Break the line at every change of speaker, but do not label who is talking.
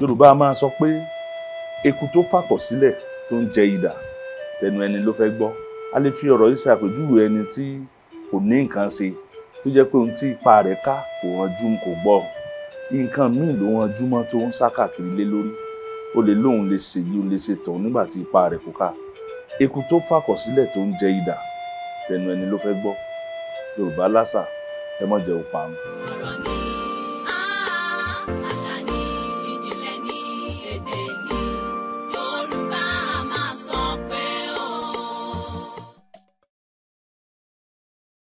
yorùbá máa sọ pé eku tó fàkọ̀ sílẹ̀ tó ń jẹ idà tẹnu ẹni ló fẹ́ gbọ́ a lè fi ọ̀rọ̀ yìí ṣàpèjúwe ẹni tí kò ní nǹkan ṣe tó jẹ́ pé ohun tí ipa rẹ̀ ká kò ranjú kò gbọ́ nǹkan míì ló ranjú mọ́ tó ń sá kàkiri lé lórí ó lè lóun lè ṣèyí ó lè ṣe tọ̀hún nígbà tí ipa rẹ̀ kò ká eku tó fàkọsílẹ̀ tó ń jẹ idà tẹnu ẹni ló fẹ́ gbọ́ yorùbá lásà ẹ mọ̀ jẹ́ òparun.